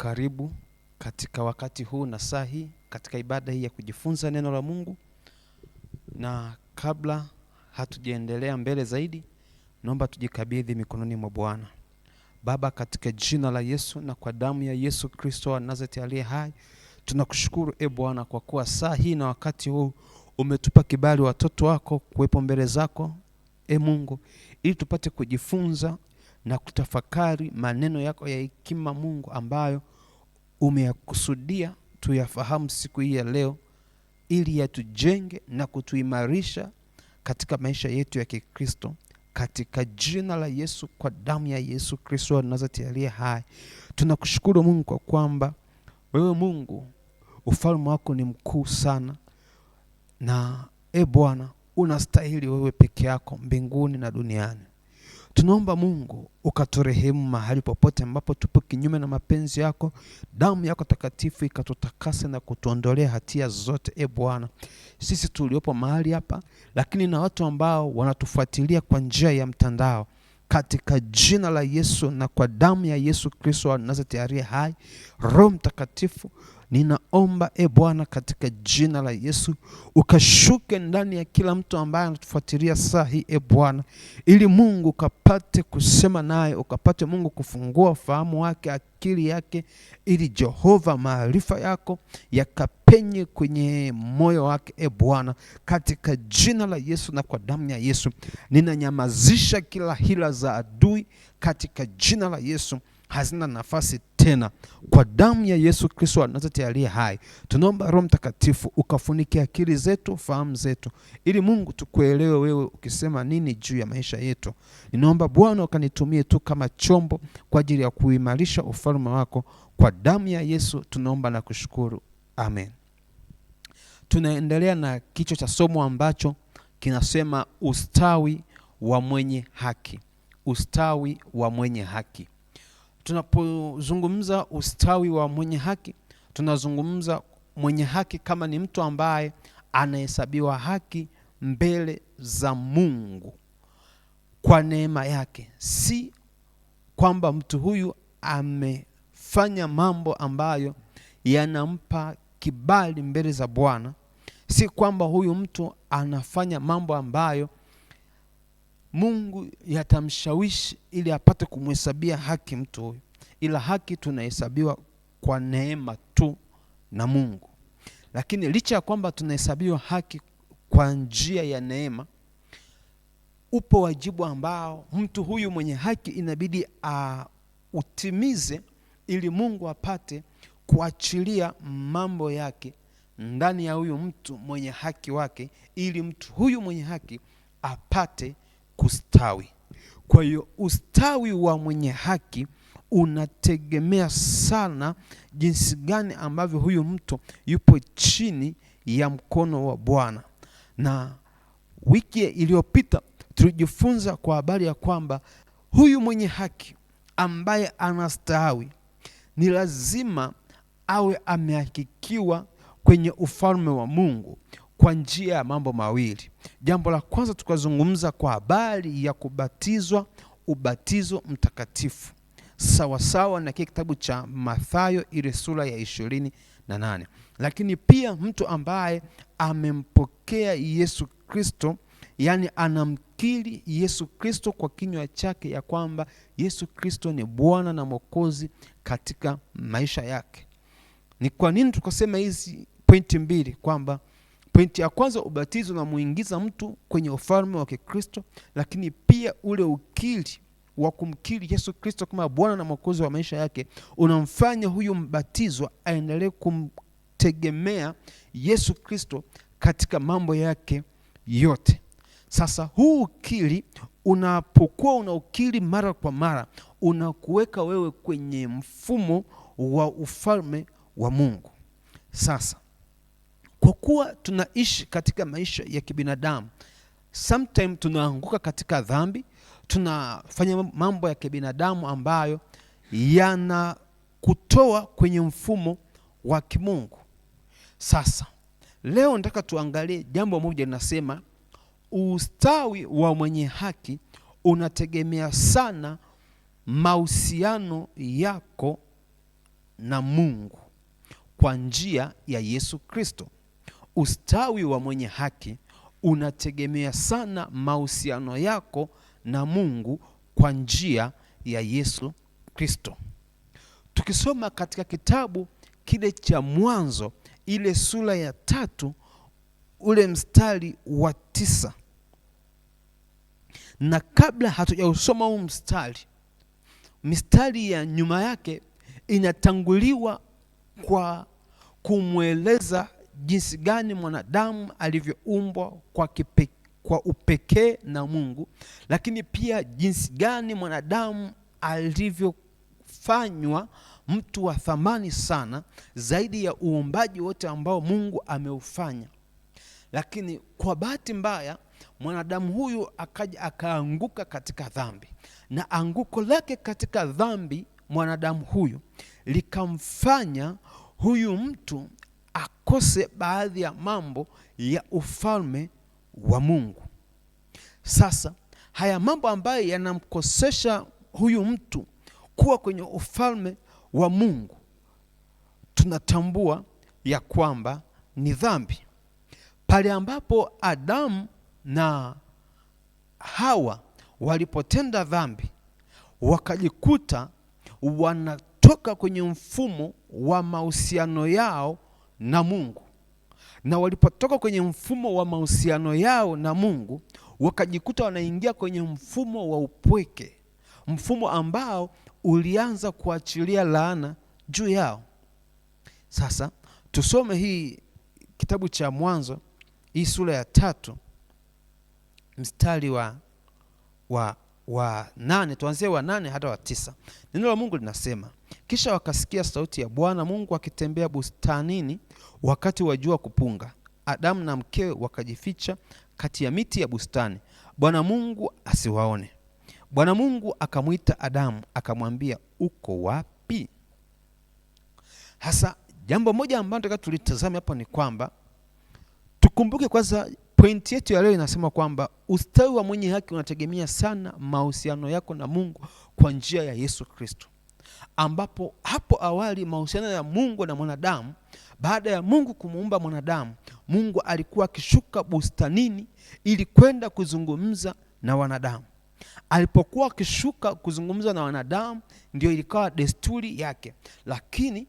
Karibu katika wakati huu na saa hii katika ibada hii ya kujifunza neno la Mungu, na kabla hatujaendelea mbele zaidi, naomba tujikabidhi mikononi mwa Bwana. Baba, katika jina la Yesu na kwa damu ya Yesu Kristo wa Nazareti aliye hai, tunakushukuru e Bwana kwa kuwa saa hii na wakati huu umetupa kibali watoto wako kuwepo mbele zako e Mungu, ili tupate kujifunza na kutafakari maneno yako ya hekima Mungu, ambayo umeyakusudia tuyafahamu siku hii ya leo, ili yatujenge na kutuimarisha katika maisha yetu ya Kikristo, katika jina la Yesu, kwa damu ya Yesu Kristo wa aliye hai. Tunakushukuru Mungu kwa kwamba wewe Mungu ufalme wako ni mkuu sana, na e Bwana unastahili wewe peke yako mbinguni na duniani. Tunaomba Mungu ukaturehemu mahali popote ambapo tupo kinyume na mapenzi yako. Damu yako takatifu ikatutakase na kutuondolea hatia zote, e Bwana, sisi tuliopo mahali hapa, lakini na watu ambao wanatufuatilia kwa njia ya mtandao katika jina la Yesu na kwa damu ya Yesu Kristo wa Nazareti aliye hai. Roho Mtakatifu Ninaomba e Bwana, katika jina la Yesu ukashuke ndani ya kila mtu ambaye anatufuatilia saa hii e Bwana, ili Mungu ukapate kusema naye, ukapate Mungu kufungua fahamu wake, akili yake, ili Jehova, maarifa yako yakapenye kwenye moyo wake e Bwana, katika jina la Yesu na kwa damu ya Yesu ninanyamazisha kila hila za adui katika jina la Yesu hazina nafasi tena. Kwa damu ya Yesu Kristo wa Nazareti aliye hai, tunaomba Roho Mtakatifu ukafunike akili zetu, fahamu zetu, ili Mungu tukuelewe wewe ukisema nini juu ya maisha yetu. Ninaomba Bwana ukanitumie tu kama chombo kwa ajili ya kuimarisha ufalme wako. Kwa damu ya Yesu tunaomba na kushukuru, amen. Tunaendelea na kichwa cha somo ambacho kinasema ustawi wa mwenye haki, ustawi wa mwenye haki tunapozungumza ustawi wa mwenye haki, tunazungumza mwenye haki kama ni mtu ambaye anahesabiwa haki mbele za Mungu kwa neema yake, si kwamba mtu huyu amefanya mambo ambayo yanampa kibali mbele za Bwana, si kwamba huyu mtu anafanya mambo ambayo Mungu yatamshawishi ili apate kumhesabia haki mtu huyu, ila haki tunahesabiwa kwa neema tu na Mungu. Lakini licha ya kwamba tunahesabiwa haki kwa njia ya neema, upo wajibu ambao mtu huyu mwenye haki inabidi autimize ili Mungu apate kuachilia mambo yake ndani ya huyu mtu mwenye haki wake, ili mtu huyu mwenye haki apate kustawi. Kwa hiyo ustawi wa mwenye haki unategemea sana jinsi gani ambavyo huyu mtu yupo chini ya mkono wa Bwana. Na wiki iliyopita tulijifunza kwa habari ya kwamba huyu mwenye haki ambaye anastawi ni lazima awe amehakikiwa kwenye ufalme wa Mungu kwa njia ya mambo mawili. Jambo la kwanza tukazungumza kwa habari ya kubatizwa, ubatizo mtakatifu sawasawa na kile kitabu cha Mathayo ile sura ya ishirini na nane. Lakini pia mtu ambaye amempokea Yesu Kristo, yaani anamkiri Yesu Kristo kwa kinywa chake ya kwamba Yesu Kristo ni Bwana na Mwokozi katika maisha yake. Ni kwa nini tukasema hizi pointi mbili kwamba Pointi ya kwanza, ubatizo unamuingiza mtu kwenye ufalme wa Kikristo, lakini pia ule ukili wa kumkiri Yesu Kristo kama Bwana na Mwokozi wa maisha yake unamfanya huyu mbatizwa aendelee kumtegemea Yesu Kristo katika mambo yake yote. Sasa huu ukili unapokuwa una ukili mara kwa mara, unakuweka wewe kwenye mfumo wa ufalme wa Mungu. Sasa kwa kuwa tunaishi katika maisha ya kibinadamu, sometime tunaanguka katika dhambi, tunafanya mambo ya kibinadamu ambayo yanakutoa kwenye mfumo wa kimungu. Sasa leo nataka tuangalie jambo moja, linasema ustawi wa mwenye haki unategemea sana mahusiano yako na Mungu kwa njia ya Yesu Kristo ustawi wa mwenye haki unategemea sana mahusiano yako na Mungu kwa njia ya Yesu Kristo. Tukisoma katika kitabu kile cha Mwanzo ile sura ya tatu ule mstari wa tisa na kabla hatujausoma huu mstari, mistari ya nyuma yake inatanguliwa kwa kumweleza jinsi gani mwanadamu alivyoumbwa kwa kwa upekee na Mungu, lakini pia jinsi gani mwanadamu alivyofanywa mtu wa thamani sana zaidi ya uumbaji wote ambao Mungu ameufanya. Lakini kwa bahati mbaya mwanadamu huyu akaja akaanguka katika dhambi, na anguko lake katika dhambi mwanadamu huyu likamfanya huyu mtu akose baadhi ya mambo ya ufalme wa Mungu. Sasa haya mambo ambayo yanamkosesha huyu mtu kuwa kwenye ufalme wa Mungu, tunatambua ya kwamba ni dhambi. Pale ambapo Adamu na Hawa walipotenda dhambi, wakajikuta wanatoka kwenye mfumo wa mahusiano yao na Mungu, na walipotoka kwenye mfumo wa mahusiano yao na Mungu wakajikuta wanaingia kwenye mfumo wa upweke, mfumo ambao ulianza kuachilia laana juu yao. Sasa tusome hii kitabu cha Mwanzo, hii sura ya tatu mstari wa, wa, wa nane, tuanzie wa nane hata wa tisa. Neno la Mungu linasema kisha wakasikia sauti ya Bwana Mungu akitembea bustanini wakati wa jua kupunga. Adamu na mkewe wakajificha kati ya miti ya bustani, Bwana Mungu asiwaone. Bwana Mungu akamwita Adamu akamwambia, uko wapi? Hasa jambo moja ambalo taka tulitazame hapa ni kwamba tukumbuke kwanza, pointi yetu ya leo inasema kwamba ustawi wa mwenye haki unategemea sana mahusiano yako na Mungu kwa njia ya Yesu Kristo ambapo hapo awali mahusiano ya Mungu na mwanadamu, baada ya Mungu kumuumba mwanadamu, Mungu alikuwa akishuka bustanini ili kwenda kuzungumza na wanadamu. Alipokuwa akishuka kuzungumza na wanadamu, ndio ilikawa desturi yake, lakini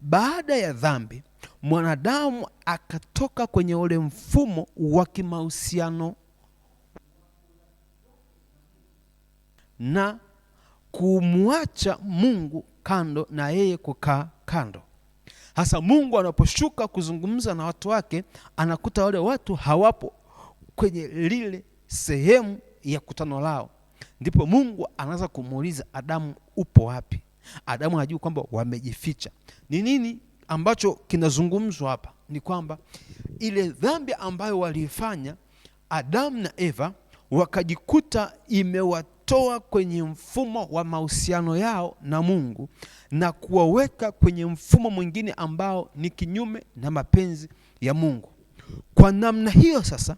baada ya dhambi mwanadamu akatoka kwenye ule mfumo wa kimahusiano na kumwacha Mungu kando na yeye kukaa kando. Hasa Mungu anaposhuka kuzungumza na watu wake, anakuta wale watu hawapo kwenye lile sehemu ya kutano lao, ndipo Mungu anaanza kumuuliza Adamu, upo wapi? Adamu hajui kwamba wamejificha. Ni nini ambacho kinazungumzwa hapa? Ni kwamba ile dhambi ambayo walifanya Adamu na Eva wakajikuta imewat kuwatoa kwenye mfumo wa mahusiano yao na Mungu na kuwaweka kwenye mfumo mwingine ambao ni kinyume na mapenzi ya Mungu. Kwa namna hiyo sasa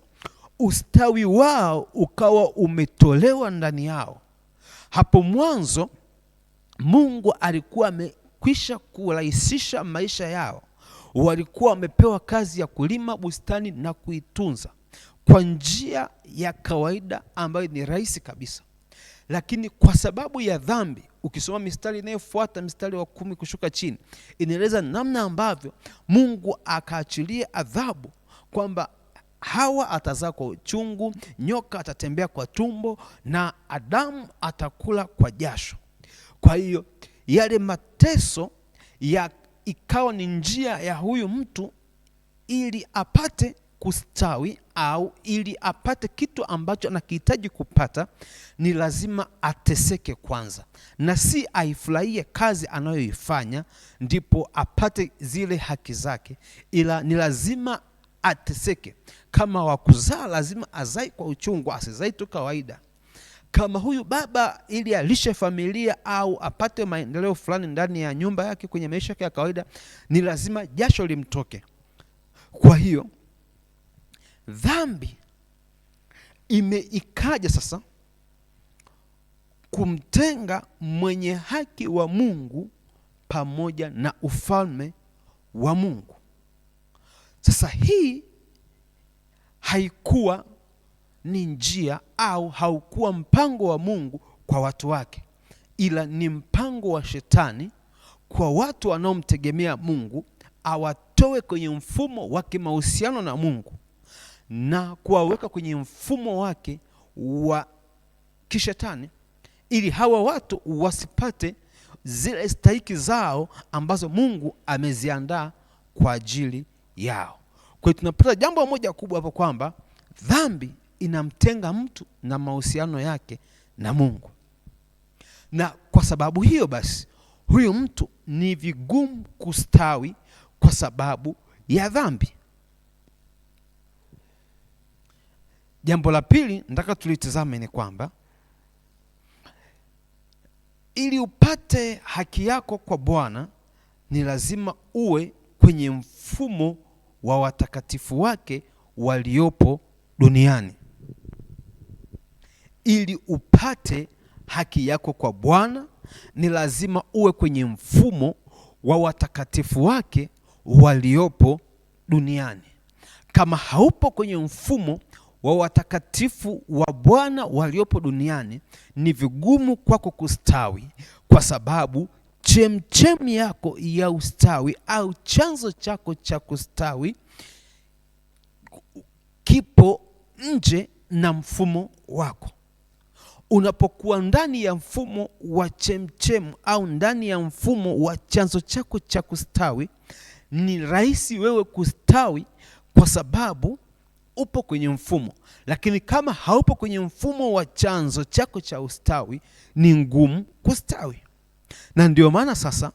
ustawi wao ukawa umetolewa ndani yao. Hapo mwanzo Mungu alikuwa amekwisha kurahisisha maisha yao. Walikuwa wamepewa kazi ya kulima bustani na kuitunza kwa njia ya kawaida ambayo ni rahisi kabisa lakini kwa sababu ya dhambi, ukisoma mistari inayofuata mstari wa kumi kushuka chini, inaeleza namna ambavyo Mungu akaachilia adhabu kwamba Hawa atazaa kwa uchungu, nyoka atatembea kwa tumbo, na Adamu atakula kwa jasho. Kwa hiyo yale mateso ya ikawa ni njia ya huyu mtu ili apate kustawi au ili apate kitu ambacho anakihitaji kupata, ni lazima ateseke kwanza, na si aifurahie kazi anayoifanya ndipo apate zile haki zake, ila ni lazima ateseke. Kama wakuzaa, lazima azai kwa uchungu, asizai tu kawaida. Kama huyu baba, ili alishe familia au apate maendeleo fulani ndani ya nyumba yake, kwenye maisha yake ya kawaida, ni lazima jasho limtoke. Kwa hiyo Dhambi imeikaja sasa kumtenga mwenye haki wa Mungu pamoja na ufalme wa Mungu. Sasa hii haikuwa ni njia au haukuwa mpango wa Mungu kwa watu wake, ila ni mpango wa shetani kwa watu wanaomtegemea Mungu, awatoe kwenye mfumo wa kimahusiano na Mungu na kuwaweka kwenye mfumo wake wa kishetani ili hawa watu wasipate zile stahiki zao ambazo Mungu ameziandaa kwa ajili yao. Kwa hiyo tunapata jambo moja kubwa hapo kwamba dhambi inamtenga mtu na mahusiano yake na Mungu, na kwa sababu hiyo basi huyu mtu ni vigumu kustawi kwa sababu ya dhambi. Jambo la pili nataka tulitazame ni kwamba ili upate haki yako kwa Bwana ni lazima uwe kwenye mfumo wa watakatifu wake waliopo duniani. Ili upate haki yako kwa Bwana ni lazima uwe kwenye mfumo wa watakatifu wake waliopo duniani. Kama haupo kwenye mfumo wa watakatifu wa Bwana waliopo duniani ni vigumu kwako kustawi, kwa sababu chemchem yako ya ustawi au chanzo chako cha kustawi kipo nje na mfumo wako. Unapokuwa ndani ya mfumo wa chemchem au ndani ya mfumo wa chanzo chako cha kustawi, ni rahisi wewe kustawi kwa sababu upo kwenye mfumo, lakini kama haupo kwenye mfumo wa chanzo chako cha ustawi, ni ngumu kustawi. Na ndio maana sasa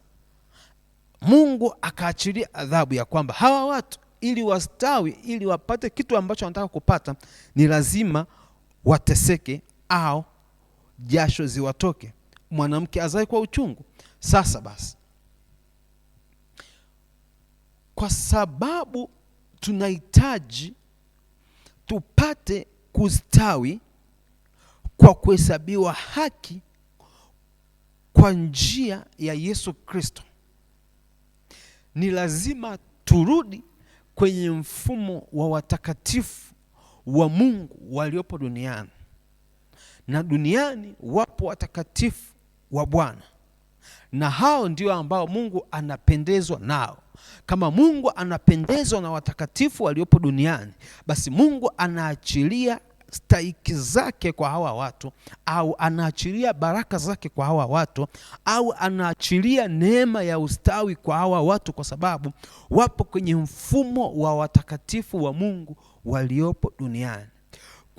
Mungu akaachilia adhabu ya kwamba hawa watu ili wastawi, ili wapate kitu ambacho wanataka kupata, ni lazima wateseke au jasho ziwatoke, mwanamke azae kwa uchungu. Sasa basi, kwa sababu tunahitaji tupate kustawi kwa kuhesabiwa haki kwa njia ya Yesu Kristo, ni lazima turudi kwenye mfumo wa watakatifu wa Mungu waliopo duniani, na duniani wapo watakatifu wa Bwana, na hao ndio ambao Mungu anapendezwa nao kama Mungu anapendezwa na watakatifu waliopo duniani, basi Mungu anaachilia stahiki zake kwa hawa watu au anaachilia baraka zake kwa hawa watu au anaachilia neema ya ustawi kwa hawa watu, kwa sababu wapo kwenye mfumo wa watakatifu wa Mungu waliopo duniani.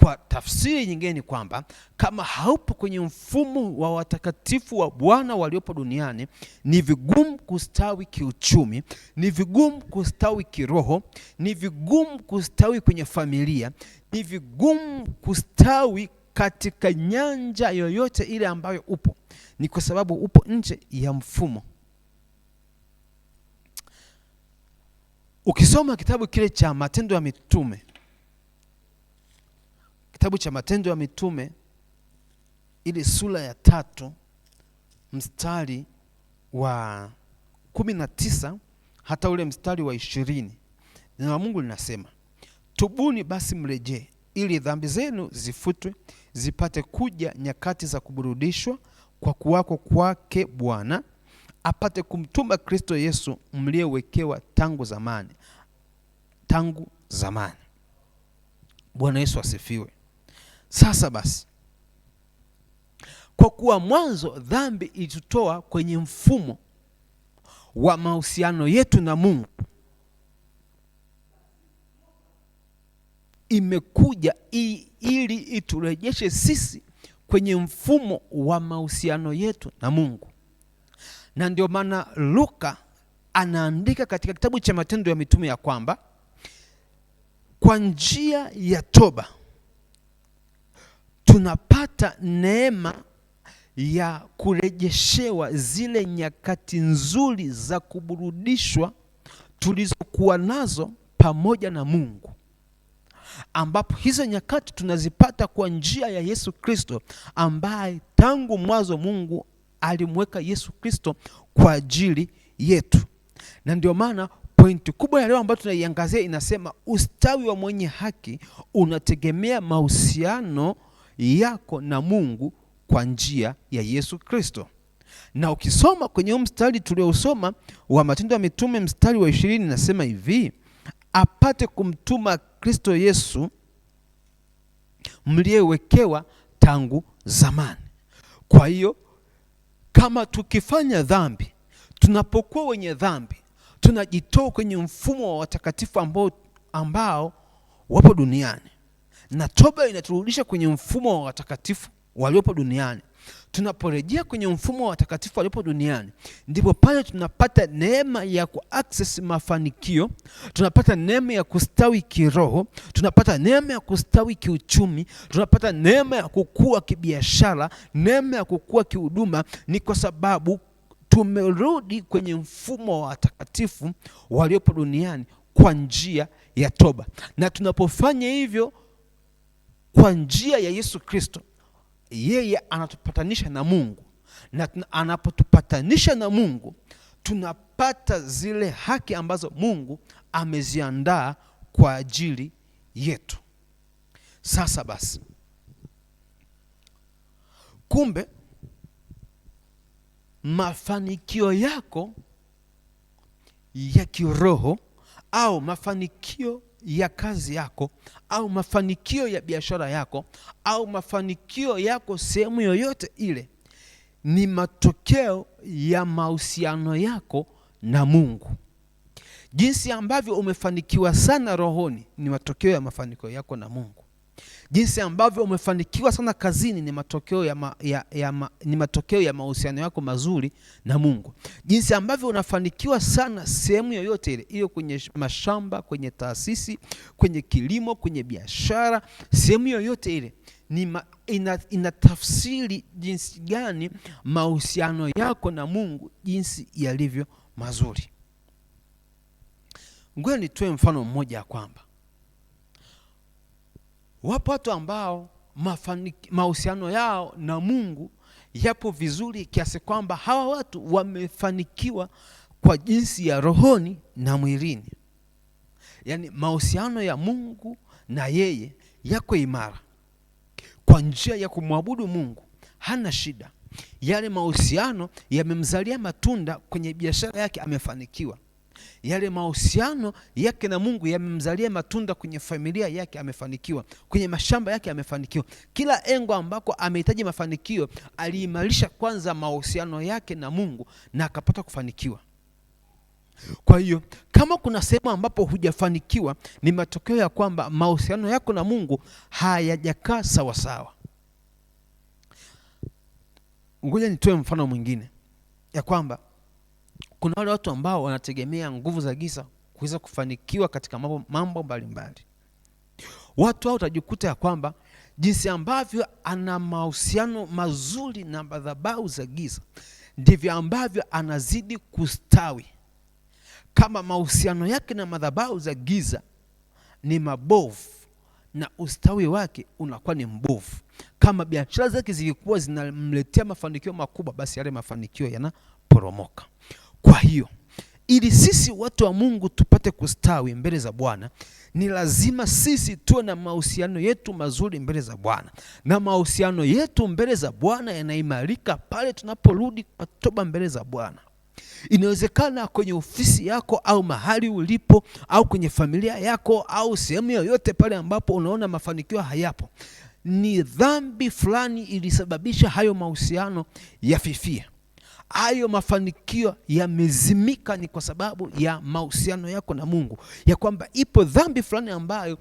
Kwa tafsiri nyingine ni kwamba kama haupo kwenye mfumo wa watakatifu wa Bwana waliopo duniani, ni vigumu kustawi kiuchumi, ni vigumu kustawi kiroho, ni vigumu kustawi kwenye familia, ni vigumu kustawi katika nyanja yoyote ile ambayo upo, ni kwa sababu upo nje ya mfumo. Ukisoma kitabu kile cha Matendo ya Mitume kitabu cha Matendo ya Mitume ile sura ya tatu mstari wa kumi na tisa hata ule mstari wa ishirini neno la Mungu linasema, tubuni basi mrejee, ili dhambi zenu zifutwe, zipate kuja nyakati za kuburudishwa kwa kuwako kwake Bwana, apate kumtuma Kristo Yesu mliyewekewa tangu zamani, tangu zamani. Bwana Yesu asifiwe. Sasa basi, kwa kuwa mwanzo dhambi ilitutoa kwenye mfumo wa mahusiano yetu na Mungu, imekuja ili iturejeshe sisi kwenye mfumo wa mahusiano yetu na Mungu. Na ndio maana Luka anaandika katika kitabu cha Matendo ya Mitume ya kwamba kwa njia ya toba tunapata neema ya kurejeshewa zile nyakati nzuri za kuburudishwa tulizokuwa nazo pamoja na Mungu, ambapo hizo nyakati tunazipata kwa njia ya Yesu Kristo, ambaye tangu mwanzo Mungu alimweka Yesu Kristo kwa ajili yetu. Na ndio maana pointi kubwa ya leo ambayo tunaiangazia inasema ustawi wa mwenye haki unategemea mahusiano yako na Mungu kwa njia ya Yesu Kristo. Na ukisoma kwenye huu mstari tuliousoma wa Matendo ya Mitume mstari wa ishirini nasema hivi, apate kumtuma Kristo Yesu mliyewekewa tangu zamani. Kwa hiyo kama tukifanya dhambi, tunapokuwa wenye dhambi, tunajitoa kwenye mfumo wa watakatifu ambao, ambao wapo duniani na toba inaturudisha kwenye mfumo wa watakatifu waliopo duniani. Tunaporejea kwenye mfumo wa watakatifu waliopo duniani, ndipo pale tunapata neema ya kuaccess mafanikio, tunapata neema ya kustawi kiroho, tunapata neema ya kustawi kiuchumi, tunapata neema ya kukua kibiashara, neema ya kukua kihuduma. Ni kwa sababu tumerudi kwenye mfumo wa watakatifu waliopo duniani kwa njia ya toba, na tunapofanya hivyo kwa njia ya Yesu Kristo, yeye anatupatanisha na Mungu, na anapotupatanisha na Mungu tunapata zile haki ambazo Mungu ameziandaa kwa ajili yetu. Sasa basi, kumbe mafanikio yako ya kiroho au mafanikio ya kazi yako au mafanikio ya biashara yako au mafanikio yako sehemu yoyote ile ni matokeo ya mahusiano yako na Mungu. Jinsi ambavyo umefanikiwa sana rohoni ni matokeo ya mafanikio yako na Mungu. Jinsi ambavyo umefanikiwa sana kazini ni matokeo ya, ma, ya, ya, ma, ni matokeo ya mahusiano yako mazuri na Mungu. Jinsi ambavyo unafanikiwa sana sehemu yoyote ile, iyo kwenye mashamba, kwenye taasisi, kwenye kilimo, kwenye biashara, sehemu yoyote ile ni ma, ina, tafsiri jinsi gani mahusiano yako na Mungu jinsi yalivyo mazuri. Ngoja nitoe mfano mmoja ya kwamba Wapo watu ambao mahusiano yao na Mungu yapo vizuri kiasi kwamba hawa watu wamefanikiwa kwa jinsi ya rohoni na mwilini, yaani mahusiano ya Mungu na yeye yako imara kwa njia ya kumwabudu Mungu, hana shida. Yale mahusiano yamemzalia matunda kwenye biashara yake, amefanikiwa yale mahusiano yake na Mungu yamemzalia matunda kwenye familia yake, amefanikiwa kwenye mashamba yake, amefanikiwa kila engo ambako amehitaji mafanikio. Aliimarisha kwanza mahusiano yake na Mungu na akapata kufanikiwa. Kwa hiyo kama kuna sehemu ambapo hujafanikiwa, ni matokeo ya kwamba mahusiano yako na Mungu hayajakaa sawasawa. Ngoja nitoe mfano mwingine ya kwamba kuna wale watu ambao wanategemea nguvu za giza kuweza kufanikiwa katika mambo mbalimbali mbalimbali. Watu hao utajikuta ya kwamba jinsi ambavyo ana mahusiano mazuri na madhabahu za giza ndivyo ambavyo anazidi kustawi. Kama mahusiano yake na madhabahu za giza ni mabovu na ustawi wake unakuwa ni mbovu. Kama biashara zake zilikuwa zinamletea mafanikio makubwa, basi yale mafanikio yanaporomoka. Kwa hiyo ili sisi watu wa Mungu tupate kustawi mbele za Bwana ni lazima sisi tuwe na mahusiano yetu mazuri mbele za Bwana, na mahusiano yetu mbele za Bwana yanaimarika pale tunaporudi kwa toba mbele za Bwana. Inawezekana kwenye ofisi yako au mahali ulipo au kwenye familia yako au sehemu yoyote pale ambapo unaona mafanikio hayapo, ni dhambi fulani ilisababisha hayo mahusiano yafifie hayo mafanikio yamezimika, ni kwa sababu ya mahusiano yako na Mungu, ya kwamba ipo dhambi fulani ambayo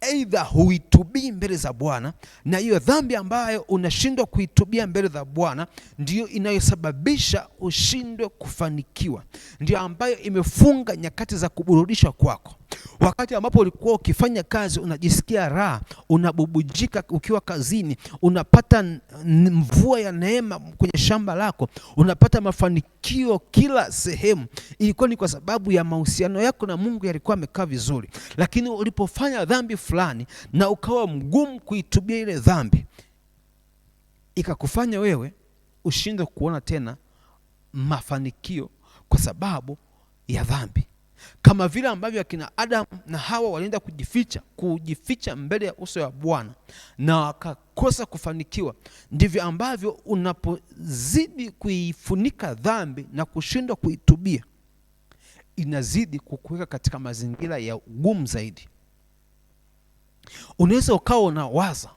aidha huitubii mbele za Bwana, na hiyo dhambi ambayo unashindwa kuitubia mbele za Bwana ndiyo inayosababisha ushindwe kufanikiwa, ndiyo ambayo imefunga nyakati za kuburudishwa kwako. Wakati ambapo ulikuwa ukifanya kazi unajisikia raha, unabubujika ukiwa kazini, unapata mvua ya neema kwenye shamba lako, unapata mafanikio kila sehemu, ilikuwa ni kwa sababu ya mahusiano yako na Mungu yalikuwa yamekaa vizuri. Lakini ulipofanya dhambi fulani na ukawa mgumu kuitubia ile dhambi, ikakufanya wewe ushindwe kuona tena mafanikio kwa sababu ya dhambi. Kama vile ambavyo akina Adamu na Hawa walienda kujificha, kujificha mbele ya uso wa Bwana na wakakosa kufanikiwa, ndivyo ambavyo unapozidi kuifunika dhambi na kushindwa kuitubia, inazidi kukuweka katika mazingira ya ugumu zaidi. Unaweza ukawa unawaza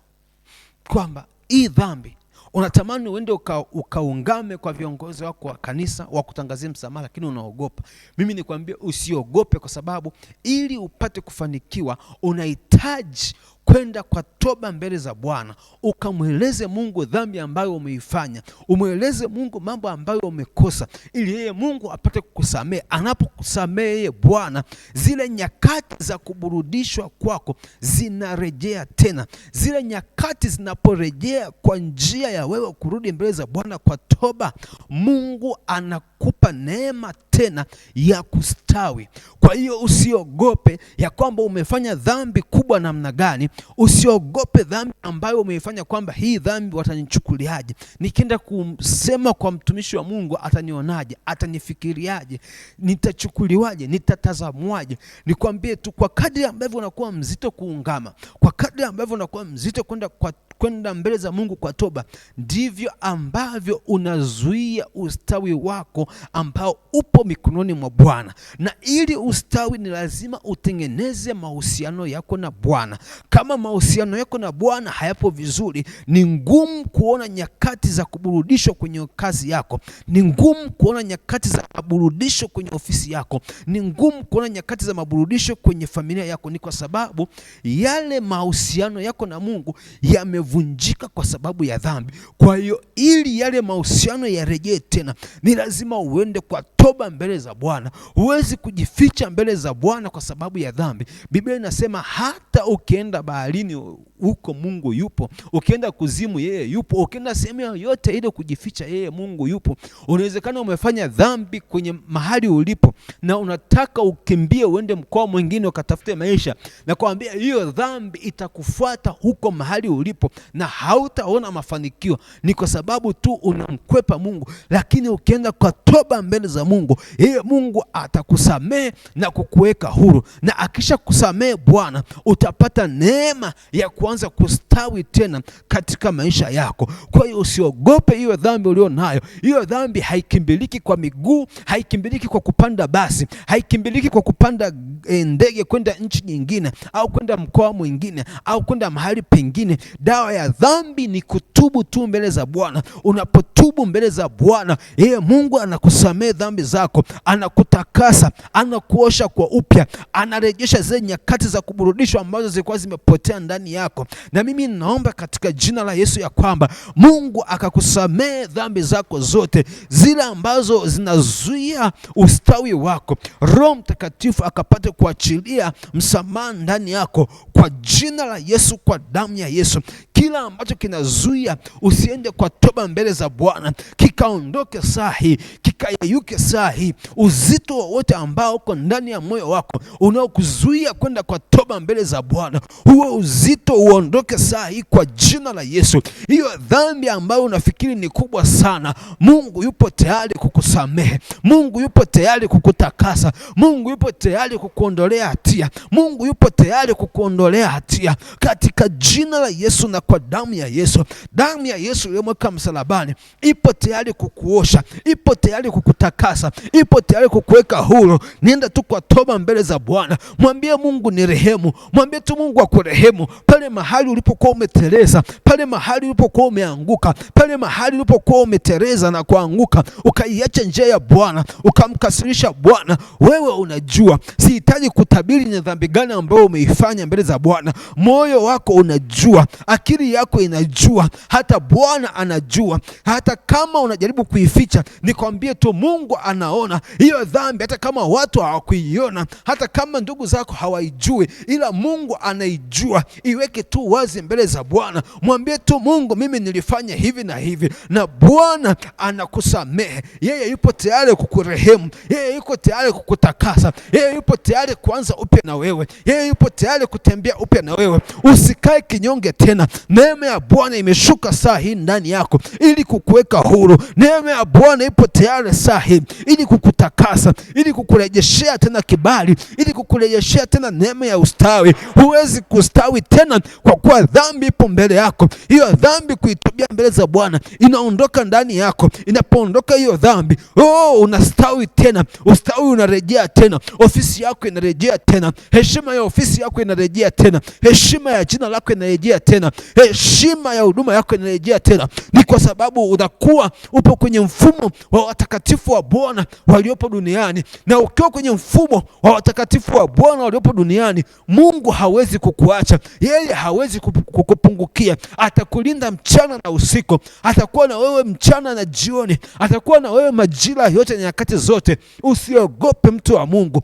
kwamba hii dhambi unatamani uende uka, ukaungame kwa viongozi wako wa kanisa wakutangazia msamaha, lakini unaogopa. Mimi nikwambie usiogope, kwa sababu ili upate kufanikiwa unahitaji kwenda kwa toba mbele za Bwana, ukamweleze Mungu dhambi ambayo umeifanya, umweleze Mungu mambo ambayo umekosa, ili yeye Mungu apate kukusamehe. Anapokusamehe yeye Bwana, zile nyakati za kuburudishwa kwako zinarejea tena. Zile nyakati zinaporejea kwa njia ya wewe kurudi mbele za Bwana kwa toba, Mungu anakupa neema tena ya kustawi. Kwa hiyo usiogope ya kwamba umefanya dhambi kubwa namna gani, usiogope dhambi ambayo umeifanya, kwamba hii dhambi watanichukuliaje, nikienda kusema kwa mtumishi wa Mungu atanionaje, atanifikiriaje, nitachukuliwaje, nitatazamwaje? Nikwambie tu, kwa kadri ambavyo unakuwa mzito kuungama, kwa kadri ambavyo unakuwa mzito kwenda kwa kwenda mbele za Mungu kwa toba, ndivyo ambavyo unazuia ustawi wako ambao upo mikononi mwa Bwana, na ili ustawi ni lazima utengeneze mahusiano yako na Bwana. Kama mahusiano yako na Bwana hayapo vizuri, ni ngumu kuona nyakati za kuburudishwa kwenye kazi yako, ni ngumu kuona nyakati za maburudisho kwenye ofisi yako, ni ngumu kuona nyakati za maburudisho kwenye familia yako. Ni kwa sababu yale mahusiano yako na Mungu yamevunjika kwa sababu ya dhambi. Kwa hiyo ili yale mahusiano yarejee tena, ni lazima uende kwa toba mbele za Bwana, huwezi kujificha mbele za Bwana kwa sababu ya dhambi. Biblia inasema hata ukienda baharini huko Mungu yupo. Ukienda kuzimu, yeye yupo. Ukienda sehemu yoyote ile kujificha, yeye Mungu yupo. Unawezekana umefanya dhambi kwenye mahali ulipo na unataka ukimbie uende mkoa mwingine ukatafute maisha, na kuambia hiyo dhambi itakufuata huko mahali ulipo na hautaona mafanikio, ni kwa sababu tu unamkwepa Mungu. Lakini ukienda kwa toba mbele za Mungu, yeye Mungu atakusamehe na kukuweka huru, na akisha kusamehe Bwana utapata neema ya kwa kuanza kustawi tena katika maisha yako. Kwa hiyo usiogope hiyo dhambi ulio nayo. Hiyo dhambi haikimbiliki kwa miguu, haikimbiliki kwa kupanda basi, haikimbiliki kwa kupanda e, ndege kwenda nchi nyingine au kwenda mkoa mwingine au kwenda mahali pengine. Dawa ya dhambi ni kutubu tu mbele za Bwana. Unapotubu mbele za Bwana, yeye Mungu anakusamehe dhambi zako, anakutakasa, anakuosha kwa upya, anarejesha zile nyakati za kuburudishwa ambazo zilikuwa zimepotea ndani yako zako. Na mimi naomba katika jina la Yesu ya kwamba Mungu akakusamee dhambi zako zote zile ambazo zinazuia ustawi wako. Roho Mtakatifu akapate kuachilia msamaha ndani yako kwa jina la Yesu, kwa damu ya Yesu. Kila ambacho kinazuia usiende kwa toba mbele za Bwana kikaondoke sahi, kikayeyuke sahi. Uzito wowote ambao uko ndani ya moyo wako unaokuzuia kwenda kwa toba mbele za Bwana, huo uzito uondoke sahi kwa jina la Yesu. Hiyo dhambi ambayo unafikiri ni kubwa sana, Mungu yupo tayari kukusamehe. Mungu yupo tayari kukutakasa. Mungu yupo tayari kukuondolea hatia. Mungu yupo tayari kukuondolea hatia katika jina la Yesu na kwa damu ya Yesu. Damu ya Yesu iliyomweka msalabani ipo tayari kukuosha, ipo tayari kukutakasa, ipo tayari kukuweka huru. Nienda tu kwa toba mbele za Bwana, mwambie Mungu ni rehemu, mwambie tu Mungu akurehemu pale mahali ulipokuwa umeteleza, pale mahali ulipokuwa umeanguka, pale mahali ulipokuwa umeteleza na kuanguka, ukaiacha njia ya Bwana, ukamkasirisha Bwana. Wewe unajua, sihitaji kutabiri ni dhambi gani ambayo umeifanya mbele za Bwana. Moyo wako unajua, akili akili yako inajua, hata Bwana anajua, hata kama unajaribu kuificha. Nikwambie tu, Mungu anaona hiyo dhambi, hata kama watu hawakuiona, hata kama ndugu zako hawaijui, ila Mungu anaijua. Iweke tu wazi mbele za Bwana, mwambie tu Mungu, mimi nilifanya hivi na hivi, na Bwana anakusamehe. Yeye yupo tayari kukurehemu, yeye yuko tayari kukutakasa, yeye yupo tayari kuanza upya na wewe, yeye yupo tayari kutembea upya na wewe. Usikae kinyonge tena. Neema ya Bwana imeshuka saa hii ndani yako ili kukuweka huru. Neema ya Bwana ipo tayari saa hii ili kukutakasa, ili kukurejeshea tena kibali, ili kukurejeshea tena neema ya ustawi. Huwezi kustawi tena kwa kuwa dhambi ipo mbele yako. Hiyo dhambi kuitubia mbele za Bwana inaondoka ndani yako. Inapoondoka hiyo dhambi, oh, unastawi tena, ustawi unarejea tena, ofisi yako inarejea tena, heshima ya ofisi yako inarejea tena, heshima ya jina lako inarejea tena heshima ya huduma yako inarejea tena, ni kwa sababu unakuwa upo kwenye mfumo wa watakatifu wa Bwana waliopo duniani, na ukiwa kwenye mfumo wa watakatifu wa Bwana waliopo duniani, Mungu hawezi kukuacha, yeye hawezi kukupungukia, atakulinda mchana na usiku, atakuwa na wewe mchana na jioni, atakuwa na wewe majira yote na nyakati zote. Usiogope mtu wa Mungu.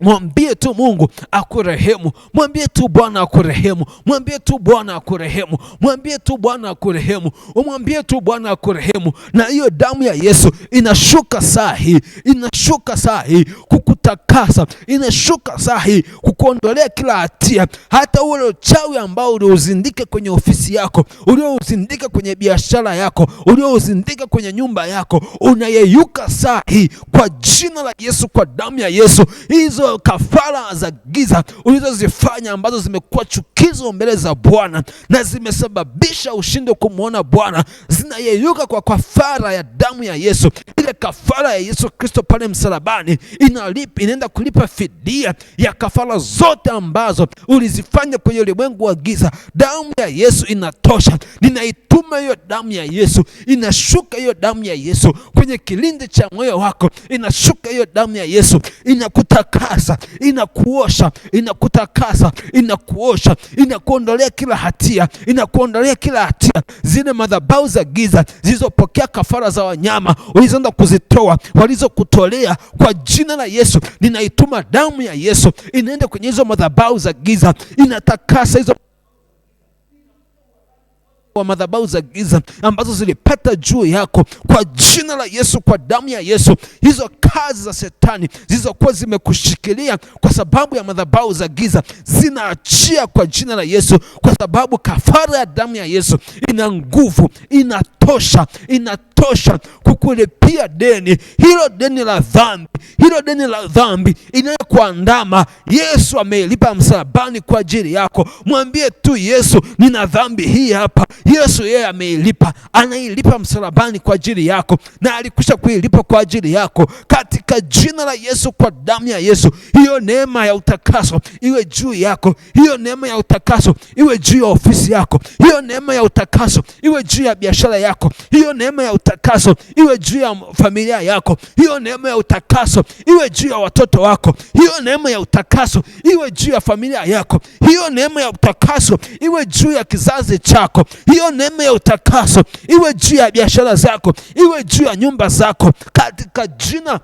Mwambie tu Mungu akurehemu, mwambie tu Bwana akurehemu, mwambie tu Bwana akurehemu, mwambie tu Bwana akurehemu, umwambie tu Bwana akurehemu. Na hiyo damu ya Yesu inashuka saa hii, inashuka saa hii kukutakasa, inashuka saa hii kukuondolea kila hatia, hata ule uchawi ambao uliozindika kwenye ofisi yako, uliozindika kwenye biashara yako, uliozindika kwenye nyumba yako, unayeyuka saa hii kwa jina la Yesu, kwa damu ya Yesu hizo hizo kafara za giza ulizozifanya ambazo zimekuwa chukizo mbele za Bwana na zimesababisha ushindwe kumwona Bwana zinayeyuka kwa kafara ya damu ya Yesu. Ile kafara ya Yesu Kristo pale msalabani inalipa, inaenda kulipa fidia ya kafara zote ambazo ulizifanya kwenye ulimwengu wa giza. Damu ya Yesu inatosha. Ninaituma hiyo damu ya Yesu, inashuka hiyo damu ya Yesu kwenye kilindi cha moyo wako, inashuka hiyo damu ya Yesu inakutaka inakutakasa, inakuosha, inakutakasa, inakuosha, inakuondolea kila hatia, inakuondolea kila hatia. Zile madhabahu za giza zilizopokea kafara za wanyama ulizoenda kuzitoa, walizokutolea kwa jina la Yesu, ninaituma damu ya Yesu inaenda kwenye hizo madhabahu za giza, inatakasa hizo wa madhabahu za giza ambazo zilipata juu yako kwa jina la Yesu, kwa damu ya Yesu, hizo kazi za shetani zilizokuwa zimekushikilia kwa sababu ya madhabahu za giza zinaachia kwa jina la Yesu, kwa sababu kafara ya damu ya Yesu ina nguvu, inatosha, ina inatosha kukulipia deni hilo, deni la dhambi hilo, deni la dhambi inayokuandama Yesu ameilipa msalabani kwa ajili yako. Mwambie tu Yesu, nina dhambi hii hapa. Yesu yeye ameilipa, anailipa msalabani kwa ajili yako, na alikwisha kuilipa kwa ajili yako, katika jina la Yesu, kwa damu ya Yesu. Hiyo neema ya utakaso iwe juu yako, hiyo neema ya utakaso iwe juu ya ofisi yako, hiyo neema ya utakaso iwe juu ya biashara yako, hiyo neema ya utakaso iwe juu ya familia yako, hiyo neema ya utakaso iwe juu ya watoto wako, hiyo neema ya utakaso iwe juu ya familia yako, hiyo neema ya utakaso iwe juu ya kizazi chako, hiyo neema ya utakaso iwe juu ya biashara zako, iwe juu ya nyumba zako katika jina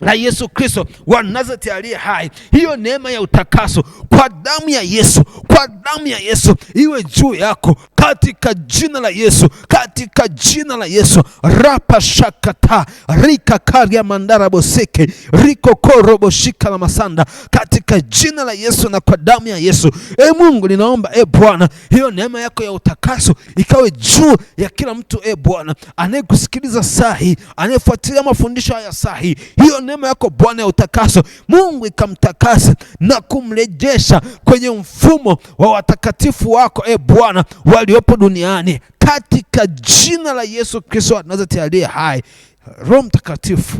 la Yesu Kristo wa Nazareti aliye hai, hiyo neema ya utakaso kwa damu ya Yesu, kwa damu ya Yesu iwe juu yako katika jina la Yesu, katika jina la Yesu. rapa shakata rika karya mandara boseke riko korobo shika la masanda, katika jina la Yesu na kwa damu ya Yesu. E Mungu, ninaomba e Bwana, hiyo neema yako ya utakaso ikawe juu ya kila mtu e Bwana anayekusikiliza sahi, anayefuatilia mafundisho haya sahi, hiyo neema yako Bwana ya utakaso, Mungu ikamtakasa na kumrejesha kwenye mfumo wa watakatifu wako, e Bwana, waliopo duniani katika jina la Yesu Kristo wa Nazareti aliye hai. Roho Mtakatifu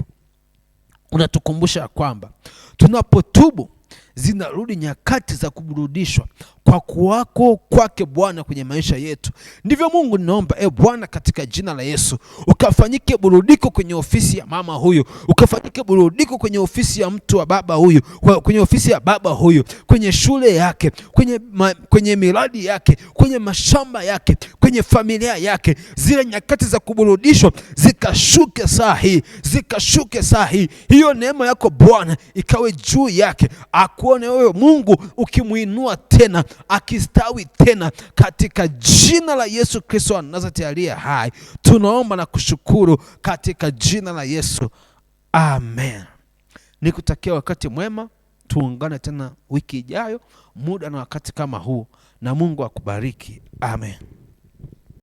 unatukumbusha kwamba tunapotubu zinarudi nyakati za kuburudishwa kwa kuwako kwake Bwana kwenye maisha yetu. Ndivyo Mungu ninaomba, e Bwana, katika jina la Yesu, ukafanyike burudiko kwenye ofisi ya mama huyu, ukafanyike burudiko kwenye ofisi ya mtu wa baba huyu, kwenye ofisi ya baba huyu, kwenye shule yake, kwenye, ma, kwenye miradi yake, kwenye mashamba yake, kwenye familia yake. Zile nyakati za kuburudishwa zikashuke saa hii, zikashuke saa hii. Hiyo neema yako Bwana ikawe juu yake Aku uone wewe Mungu ukimwinua tena akistawi tena katika jina la Yesu Kristo wa Nazareti aliye hai, tunaomba na kushukuru katika jina la Yesu, amen. Nikutakia wakati mwema, tuungane tena wiki ijayo muda na wakati kama huu, na Mungu akubariki, amen.